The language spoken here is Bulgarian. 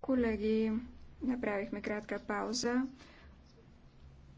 Колеги, направихме кратка пауза.